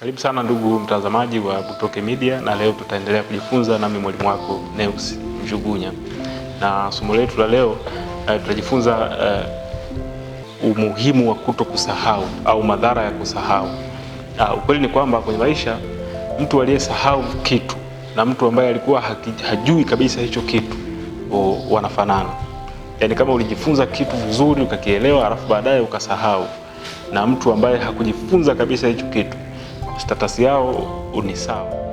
Karibu sana ndugu mtazamaji wa Butoke Media, na leo tutaendelea kujifunza nami mwalimu wako Neus Mjugunya, na somo letu la leo uh, tutajifunza uh, umuhimu wa kuto kusahau au madhara ya kusahau. Uh, ukweli ni kwamba kwenye maisha mtu aliyesahau kitu na mtu ambaye alikuwa hajui kabisa hicho kitu o, wanafanana. Yaani kama ulijifunza kitu vizuri ukakielewa, alafu baadaye ukasahau, na mtu ambaye hakujifunza kabisa hicho kitu status yao ni sawa.